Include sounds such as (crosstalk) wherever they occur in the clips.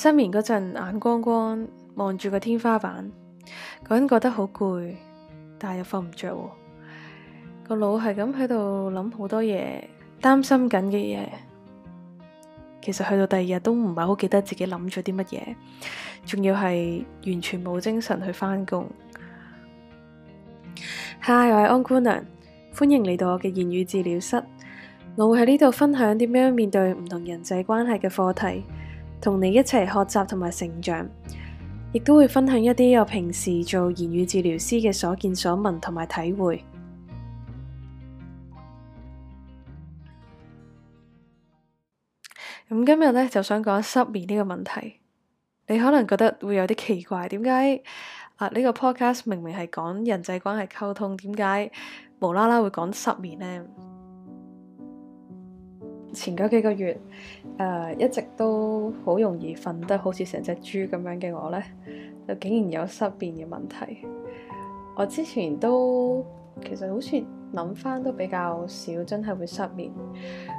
失眠嗰陣，眼光光望住個天花板，個人覺得好攰，但係又瞓唔着，個腦係咁喺度諗好多嘢，擔心緊嘅嘢。其實去到第二日都唔係好記得自己諗咗啲乜嘢，仲要係完全冇精神去翻工。嗨，我係安姑娘，歡迎嚟到我嘅言語治療室。我會喺呢度分享點樣面對唔同人際關係嘅課題。同你一齊學習同埋成長，亦都會分享一啲我平時做言語治療師嘅所見所聞同埋體會。咁今日咧就想講失眠呢個問題，你可能覺得會有啲奇怪，點解啊？呢個 podcast 明明係講人際關係溝通，點解無啦啦會講失眠呢？前嗰幾個月，誒、呃、一直都好容易瞓得好似成隻豬咁樣嘅我呢，就竟然有失眠嘅問題。我之前都其實好似諗返都比較少，真係會失眠。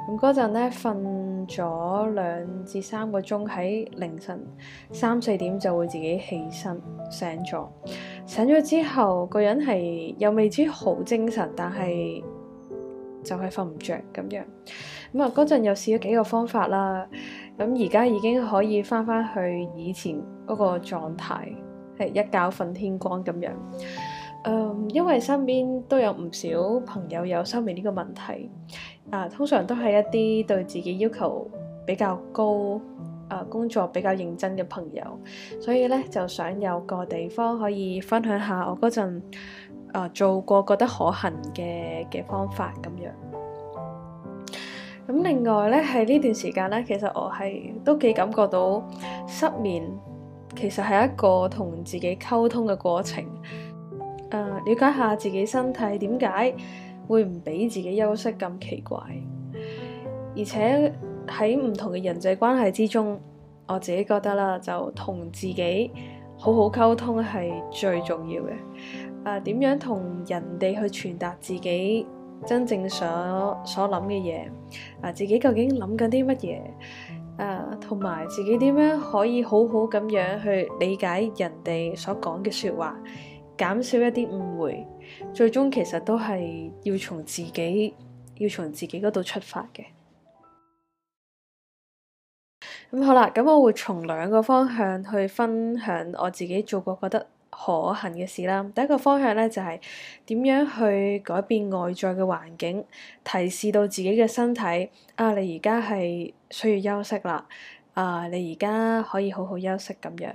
咁嗰陣呢，瞓咗兩至三個鐘，喺凌晨三四點就會自己起身醒咗。醒咗之後個人係又未知好精神，但係就係瞓唔着咁樣，咁啊嗰陣又試咗幾個方法啦，咁而家已經可以翻翻去以前嗰個狀態，係一覺瞓天光咁樣。嗯，因為身邊都有唔少朋友有失眠呢個問題，啊，通常都係一啲對自己要求比較高，啊，工作比較認真嘅朋友，所以咧就想有個地方可以分享下我嗰陣。啊、呃，做過覺得可行嘅嘅方法咁樣。咁另外呢，喺呢段時間呢，其實我係都幾感覺到失眠其實係一個同自己溝通嘅過程。呃，了解下自己身體點解會唔俾自己休息，咁奇怪，而且喺唔同嘅人際關係之中，我自己覺得啦，就同自己好好溝通係最重要嘅。啊！呃、點樣同人哋去傳達自己真正所所諗嘅嘢？啊、呃！自己究竟諗緊啲乜嘢？啊、呃！同埋自己點樣可以好好咁樣去理解人哋所講嘅説話，減少一啲誤會。最終其實都係要從自己，要從自己嗰度出發嘅。嗯、咁好啦，咁我會從兩個方向去分享我自己做過覺得可行嘅事啦。第一個方向咧就係點樣去改變外在嘅環境，提示到自己嘅身體。啊，你而家係需要休息啦。啊，你而家可以好好休息咁樣。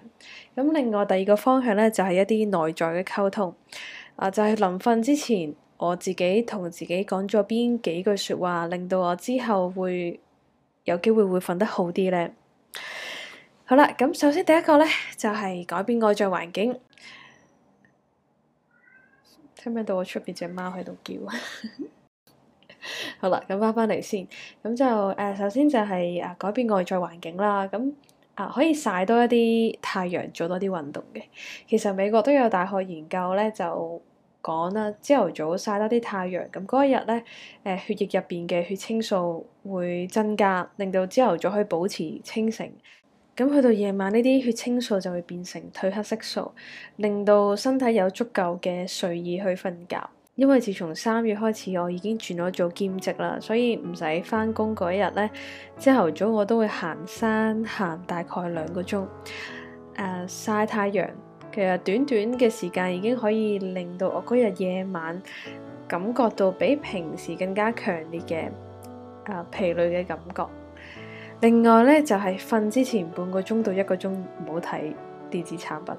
咁另外第二個方向咧就係一啲內在嘅溝通。啊，就係臨瞓之前，我自己同自己講咗邊幾句説話，令到我之後會有機會會瞓得好啲咧。好啦，咁首先第一個咧，就係改變外在環境。聽唔聽到我出邊隻貓喺度叫？ (laughs) 好啦，咁翻返嚟先。咁就誒，首先就係啊，改變外在環境啦。咁啊，可以曬多一啲太陽，做多啲運動嘅。其實美國都有大學研究咧，就講啦，朝頭早曬多啲太陽，咁嗰一日咧，誒血液入邊嘅血清素會增加，令到朝頭早可以保持清醒。咁去到夜晚，呢啲血清素就會變成褪黑色素，令到身體有足夠嘅睡意去瞓覺。因為自從三月開始，我已經轉咗做兼職啦，所以唔使翻工嗰一日咧，朝頭早我都會行山，行大概兩個鐘，誒、呃、曬太陽。其實短短嘅時間已經可以令到我嗰日夜晚感覺到比平時更加強烈嘅、呃、疲累嘅感覺。另外咧，就係瞓之前半個鐘到一個鐘唔好睇電子產品。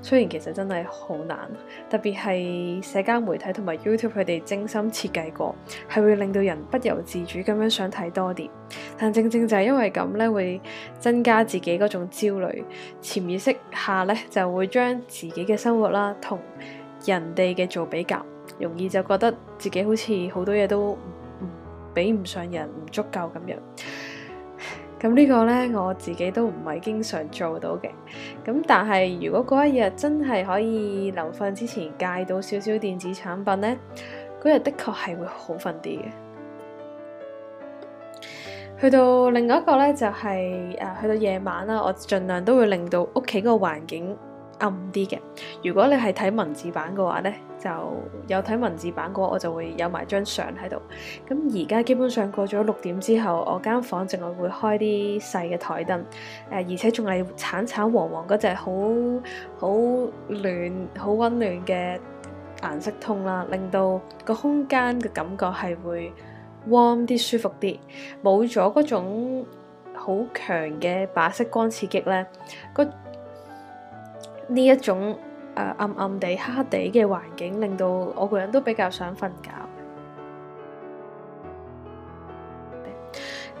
雖然其實真係好難，特別係社交媒體同埋 YouTube 佢哋精心設計過，係會令到人不由自主咁樣想睇多啲。但正正就係因為咁咧，會增加自己嗰種焦慮。潛意識下咧，就會將自己嘅生活啦同人哋嘅做比較，容易就覺得自己好似好多嘢都唔比唔上人，唔足夠咁樣。咁呢個呢，我自己都唔係經常做到嘅。咁但係如果嗰一日真係可以臨瞓之前戒到少少電子產品呢，嗰日的確係會好瞓啲嘅。去到另外一個呢，就係誒去到夜晚啦，我盡量都會令到屋企個環境暗啲嘅，如果你係睇文字版嘅話呢，就有睇文字版嘅話，我就會有埋張相喺度。咁而家基本上過咗六點之後，我間房淨係會開啲細嘅台燈，誒、呃，而且仲係橙橙黃黃嗰隻好好暖、好溫暖嘅顏色通啦，令到個空間嘅感覺係會 warm 啲、舒服啲，冇咗嗰種好強嘅白色光刺激呢。呢一種誒、呃、暗暗地黑黑地嘅環境，令到我個人都比較想瞓覺。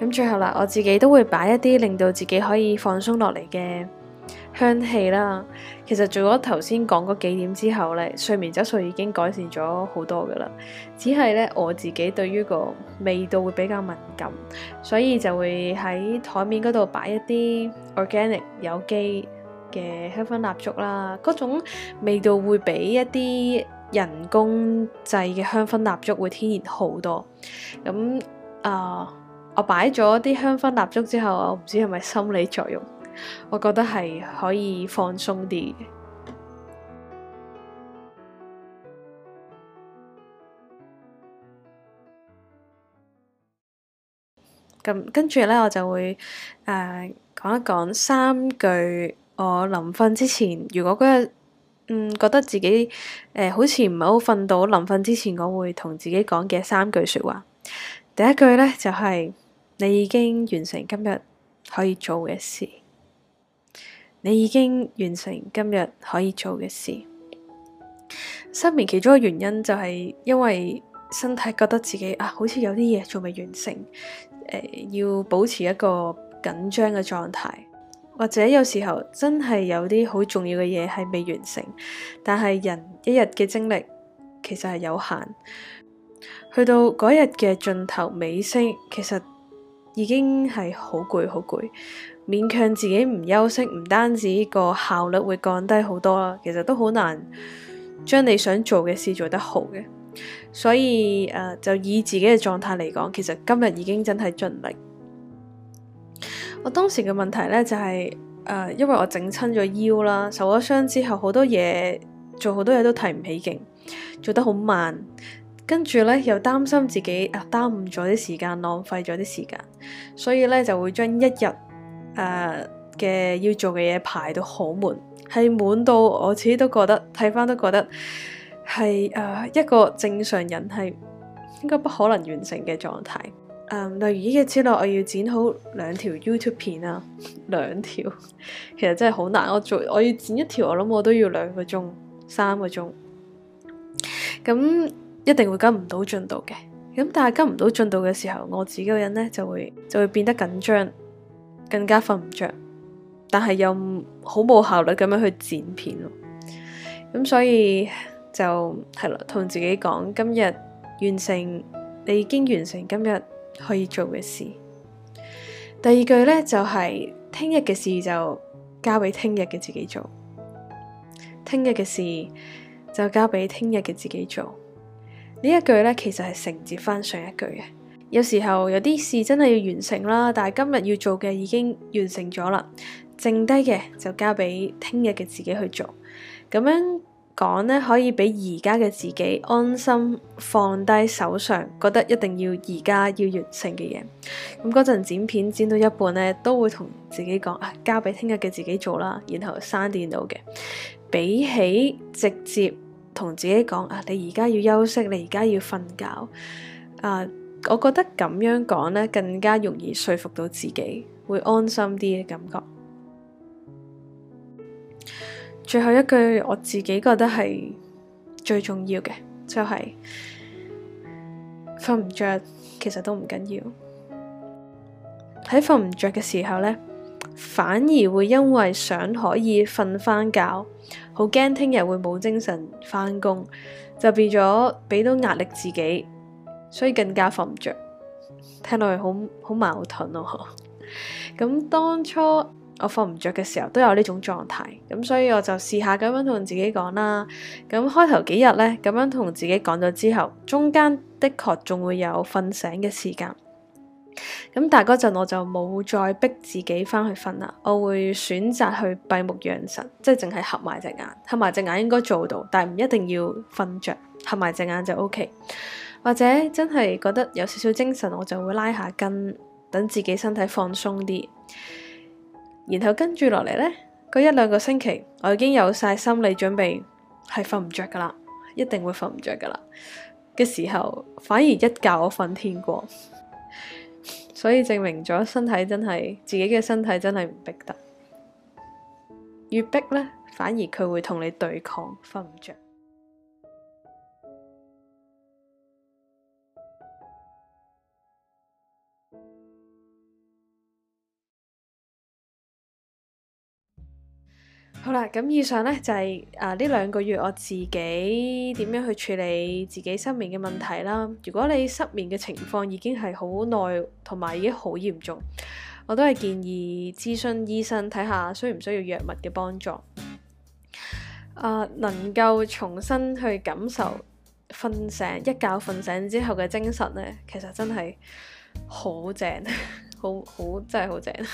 咁、嗯、最後啦，我自己都會擺一啲令到自己可以放鬆落嚟嘅香氣啦。其實做咗頭先講嗰幾點之後呢，睡眠質素已經改善咗好多㗎喇。只係呢，我自己對於個味道會比較敏感，所以就會喺枱面嗰度擺一啲 organic 有機嘅香薰蠟燭啦，嗰種味道會比一啲人工製嘅香薰蠟燭會天然好多。咁啊，我擺咗啲香薰蠟燭之後，我唔知係咪心理作用，我覺得係可以放鬆啲嘅。咁跟住呢，我就會誒講一講三句。我臨瞓之前，如果嗰日嗯覺得自己誒、呃、好似唔係好瞓到，臨瞓之前我會同自己講嘅三句說話。第一句咧就係、是、你已經完成今日可以做嘅事，你已經完成今日可以做嘅事。失眠其中一個原因就係因為身體覺得自己啊，好似有啲嘢仲未完成，誒、呃、要保持一個緊張嘅狀態。或者有時候真係有啲好重要嘅嘢係未完成，但係人一日嘅精力其實係有限，去到嗰日嘅盡頭尾聲，其實已經係好攰好攰，勉強自己唔休息，唔單止個效率會降低好多啦，其實都好難將你想做嘅事做得好嘅，所以誒就以自己嘅狀態嚟講，其實今日已經真係盡力。我當時嘅問題咧就係、是、誒、呃，因為我整親咗腰啦，受咗傷之後好多嘢做好多嘢都提唔起勁，做得好慢，跟住咧又擔心自己啊、呃、耽誤咗啲時間，浪費咗啲時間，所以咧就會將一日誒嘅要做嘅嘢排到好滿，係滿到我自己都覺得睇翻都覺得係誒、呃、一個正常人係應該不可能完成嘅狀態。嗯，例如今日之內，我要剪好兩條 YouTube 片啊，兩條其實真係好難。我做我要剪一條，我諗我都要兩個鐘、三個鐘，咁一定會跟唔到進度嘅。咁但係跟唔到進度嘅時候，我自己個人呢就會就會變得緊張，更加瞓唔着，但係又好冇效率咁樣去剪片咯。咁所以就係啦，同自己講今日完成，你已經完成今日可以做嘅事，第二句呢，就係聽日嘅事就交俾聽日嘅自己做，聽日嘅事就交俾聽日嘅自己做。呢一句呢，其實係承接翻上一句嘅，有時候有啲事真係要完成啦，但係今日要做嘅已經完成咗啦，剩低嘅就交俾聽日嘅自己去做，咁樣。講咧可以俾而家嘅自己安心放低手上，覺得一定要而家要完成嘅嘢。咁嗰陣剪片剪到一半咧，都會同自己講啊，交俾聽日嘅自己做啦，然後閂電腦嘅。比起直接同自己講啊，你而家要休息，你而家要瞓覺啊，uh, 我覺得咁樣講咧更加容易說服到自己，會安心啲嘅感覺。最後一句我自己覺得係最重要嘅，就係瞓唔着，其實都唔緊要。喺瞓唔着嘅時候呢，反而會因為想可以瞓翻覺，好驚聽日會冇精神翻工，就變咗俾到壓力自己，所以更加瞓唔着。聽落去好好矛盾咯、啊。咁 (laughs) 當初。我瞓唔着嘅時候都有呢種狀態，咁所以我就試下咁樣同自己講啦。咁開頭幾日呢，咁樣同自己講咗之後，中間的確仲會有瞓醒嘅時間。咁但係嗰陣我就冇再逼自己翻去瞓啦，我會選擇去閉目養神，即係淨係合埋隻眼，合埋隻眼應該做到，但係唔一定要瞓着。合埋隻眼就 OK。或者真係覺得有少少精神，我就會拉下筋，等自己身體放鬆啲。然後跟住落嚟呢，嗰一兩個星期，我已經有晒心理準備，係瞓唔着噶啦，一定會瞓唔着噶啦。嘅時候，反而一覺我瞓天光，所以證明咗身體真係，自己嘅身體真係唔逼得。越逼呢，反而佢會同你對抗，瞓唔着。好啦，咁以上呢就係誒呢兩個月我自己點樣去處理自己失眠嘅問題啦。如果你失眠嘅情況已經係好耐，同埋已經好嚴重，我都係建議諮詢醫生睇下需唔需要藥物嘅幫助。誒、啊，能夠重新去感受瞓醒一覺瞓醒之後嘅精神呢，其實真係 (laughs) 好正，好好，真係好正。 (laughs)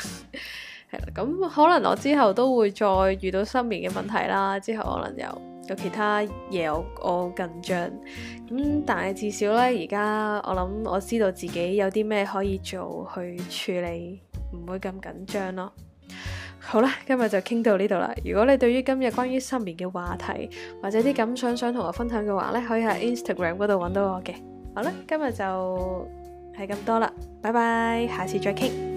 係啦，咁、嗯、可能我之後都會再遇到失眠嘅問題啦，之後可能又有，有其他嘢我好緊張，咁、嗯、但係至少呢，而家我諗我知道自己有啲咩可以做去處理，唔會咁緊張咯。好啦，今日就傾到呢度啦。如果你對於今日關於失眠嘅話題或者啲感想想同我分享嘅話呢，可以喺 Instagram 嗰度搵到我嘅。好啦，今日就係咁多啦，拜拜，下次再傾。